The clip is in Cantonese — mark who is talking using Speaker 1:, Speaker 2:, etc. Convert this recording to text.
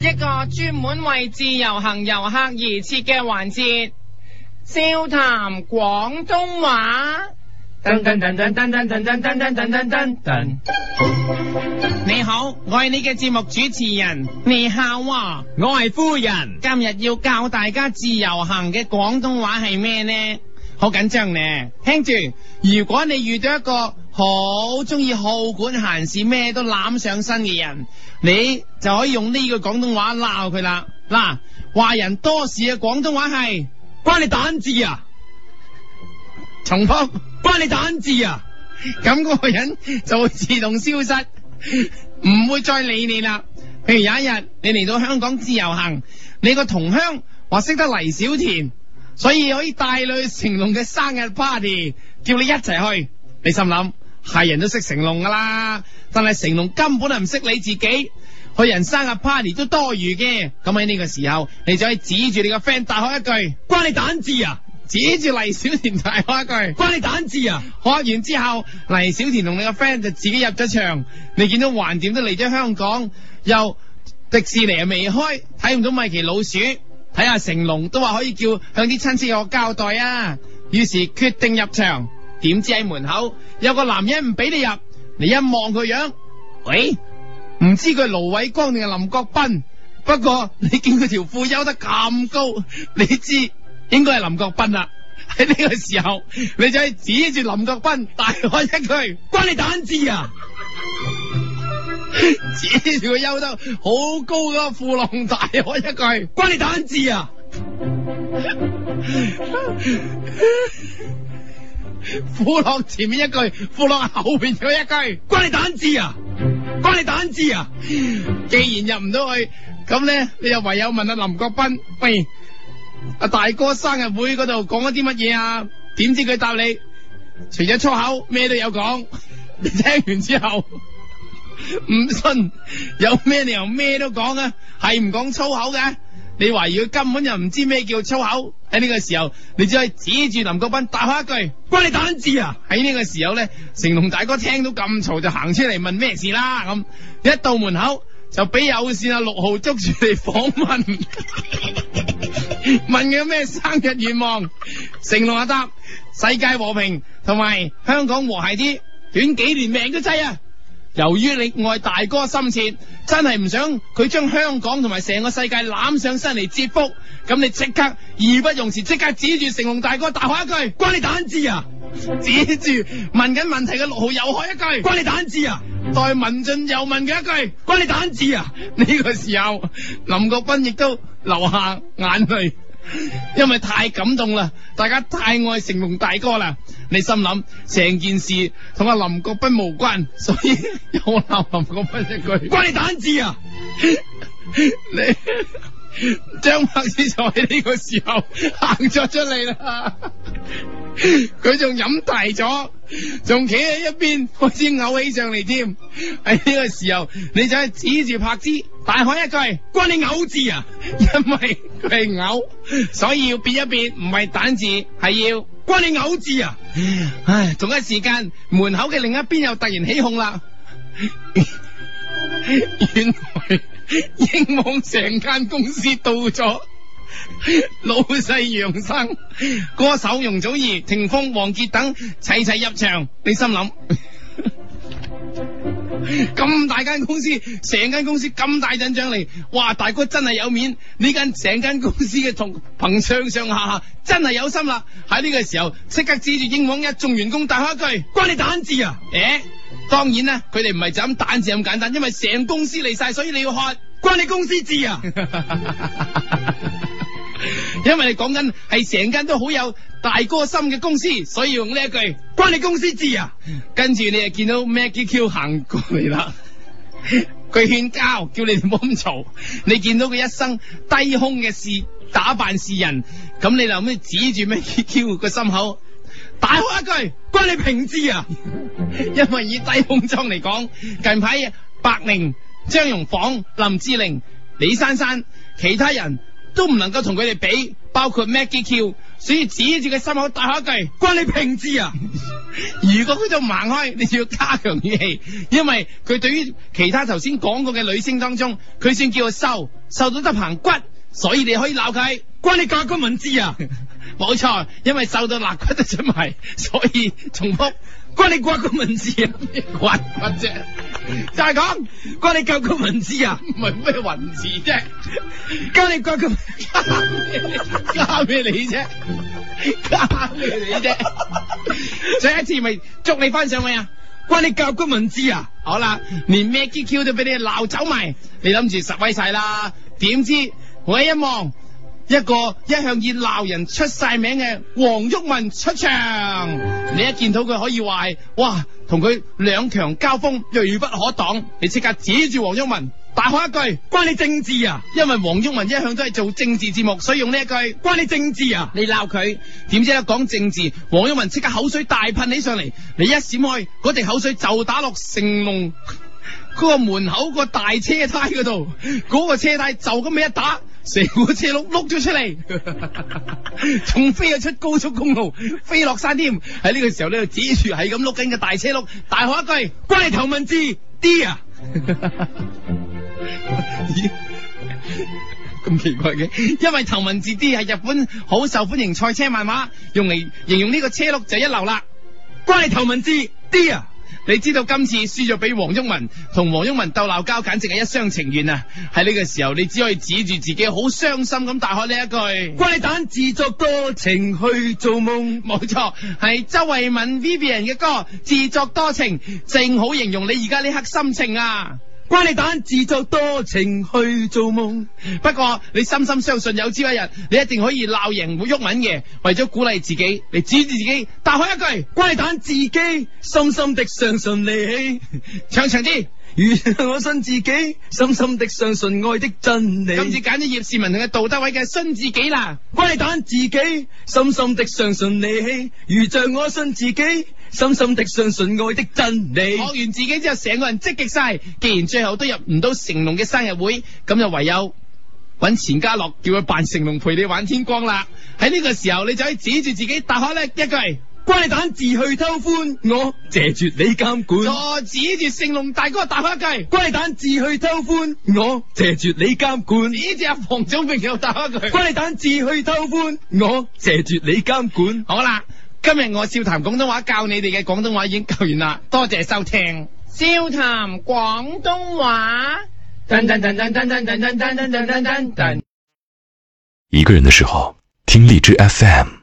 Speaker 1: 一個專門為自由行遊客而設嘅環節，笑談廣東話。你好，我係你嘅節目主持人。你好啊，我係夫人。今日要教大家自由行嘅廣東話係咩呢？好緊張呢、啊，聽住，如果你遇到一個。好中意好管閒事，咩都攬上身嘅人，你就可以用呢句廣東話鬧佢啦。嗱，話人多事嘅廣東話係，關你蛋字啊！重複，關你蛋字啊！咁嗰個人就會自動消失，唔 會再理你啦。譬如有一日你嚟到香港自由行，你個同鄉話識得黎小田，所以可以帶你去成龍嘅生日 party，叫你一齊去。你心諗。係人都識成龍噶啦，但係成龍根本係唔識你自己，去人生日 party 都多餘嘅。咁喺呢個時候，你就可以指住你個 friend 大開一句，關你蛋字啊！指住黎小田大開一句，關你蛋字啊！開完之後，黎小田同你個 friend 就自己入咗場。你見到橫掂都嚟咗香港，又迪士尼又未開，睇唔到米奇老鼠，睇下成龍都話可以叫向啲親戚有交代啊。於是決定入場。點知喺門口有個男人唔俾你入？你一望佢樣，喂，唔知佢盧偉光定係林國斌？不過你見佢條褲收得咁高，你知應該係林國斌啦。喺呢個時候，你就係指住林國斌大開一句：關你蛋字啊！ 指住佢收得好高嘅褲龍，大開一句：關你蛋字啊！ 苦落前面一句，苦落後邊有一句，關你蛋子啊！關你蛋子啊！ 既然入唔到去，咁咧你又唯有問阿、啊、林國斌，喂阿、啊、大哥生日會嗰度講咗啲乜嘢啊？點知佢答你除咗粗口咩都有講， 你聽完之後唔 信有咩理由咩都講啊？係唔講粗口嘅？你懷疑佢根本就唔知咩叫粗口。喺呢個時候，你只可以指住林國斌大喊一句：關你大卵事啊！喺呢個時候咧，成龍大哥聽到咁嘈就行出嚟問咩事啦咁，一到門口就俾有線啊六號捉住嚟訪問， 問佢咩生日願望，成龍阿答，答：世界和平同埋香港和諧啲，短幾年命都制啊！由於你愛大哥深切，真係唔想佢將香港同埋成個世界攬上身嚟接福，咁你即刻義不容辭，即刻指住成龍大哥大喝一句：關你蛋事啊！指住問緊問題嘅六號又喝一句：關你蛋事啊！代文俊又問佢一句：關你蛋事啊！呢個時候，林國斌亦都流下眼淚。因為太感動啦，大家太愛成龍大哥啦，你心諗成件事同阿林國斌無關，所以有鬧 林國斌一句關你蛋子啊！ 你張 柏芝就喺呢個時候行咗 出嚟來啦，佢 仲飲大咗。仲企喺一邊，開始嘔起上嚟添。喺 呢個時候，你就係指住柏芝，大喊一句：關你嘔字啊！因為佢係嘔，所以要變一變，唔係蛋字，係要關你嘔字啊！唉，同一時間，門口嘅另一邊又突然起哄啦。 原來英皇成間公司到咗。 老細楊生，歌手容祖兒、霆鋒、王傑等齊齊入場。你心諗咁 大間公司，成間公司咁大陣仗嚟，哇！大哥真係有面，呢間成間公司嘅同憑上上下下真係有心啦。喺呢個時候，即刻指住英皇一眾員工，大喊一句：關你蛋字啊！誒、欸，當然啦，佢哋唔係就咁膽字咁簡單，因為成公司嚟晒，所以你要喊關你公司字啊！ 因為你講緊係成間都好有大哥心嘅公司，所以用呢一句關你公司知啊。跟住你就見到 Maggie Q 行過嚟啦，佢勸交叫你唔好咁嘈。你見到佢一生低胸嘅事打扮示人，咁你後尾指住 Maggie Q 個心口，大喊一句關你平知啊！因為以低胸裝嚟講，近排白寧、張榕房、林志玲、李珊珊其他人。都唔能夠同佢哋比，包括 Maggie Q。所以指住佢心口大口一句，關你平字啊！ 如果佢就盲開，你就要加強語氣，因為佢對於其他頭先講過嘅女星當中，佢先叫佢瘦瘦到得棚骨，所以你可以鬧佢，關你刮骨文字啊！冇 錯，因為瘦到肋骨都出埋，所以重複關你刮骨文字啊！咩骨啫？就係講，關你教官文字啊？唔係咩文字啫，教你教官交俾你啫，交俾你啫？上 一次咪捉你翻上去啊？關你教官文字啊？好啦，連咩 Q Q 都俾你鬧走埋，你諗住實威晒啦？點知我一望，一個一向以鬧人出晒名嘅黃旭文出場，你一見到佢可以話，哇！同佢兩強交鋒銳不可擋，你即刻指住黃毓民，大喊一句：關你政治啊！因為黃毓民一向都係做政治節目，所以用呢一句關你政治啊！你鬧佢，點知一講政治，黃毓民即刻口水大噴起上嚟，你一閃開，嗰隻口水就打落成龍嗰個門口個大車胎嗰度，嗰、嗰個車胎就咁樣一打。成個車轆碌咗出嚟，仲 飛咗出高速公路，飛落山添。喺呢個時候咧，指住係咁碌緊嘅大車轆，大喊一句：關你頭文， 文字 D 啊！咦，咁奇怪嘅，因為頭文字 D 係日本好受歡迎賽車漫畫，用嚟形容呢個車轆就一流啦。關你頭文字 D 啊！Dear 你知道今次輸咗俾黃毓民，同黃毓民鬥鬧交，簡直係一廂情願啊！喺呢個時候，你只可以指住自己，好傷心咁大開呢一句，怪蛋，自作多情去做夢，冇錯，係周慧敏 Vivian 嘅歌《自作多情》，正好形容你而家呢刻心情啊！關你蛋，自作多情去做夢。不過你深深相信有朝一日，你一定可以鬧贏，會郁穩嘅。為咗鼓勵自己，你指住自己大喊一句：關你蛋，自己深深的相信你， 唱長啲。如我信自己，深深的相信愛的真理。今次揀咗葉市文同阿杜德偉嘅信自己啦，關你檔自己， 深深的相信你。如像我信自己，深深的相信愛的真理。學完自己之後，成個人積極晒。既然最後都入唔到成龍嘅生日會，咁就唯有揾錢嘉樂叫佢扮成龍陪你玩天光啦。喺呢個時候，你就可以指住自己，打開叻一句。關你蛋自去偷歡，我謝絕你監管。再指住成龍大哥打大把計，關你蛋自去偷歡，我謝絕你監管。呢隻阿房祖名又打佢，關你蛋自去偷歡，我謝絕你監管。好啦，今日我笑談廣東話教你哋嘅廣東話已經教完啦，多謝收聽笑談廣東話。一個人嘅時候，聽荔枝 FM。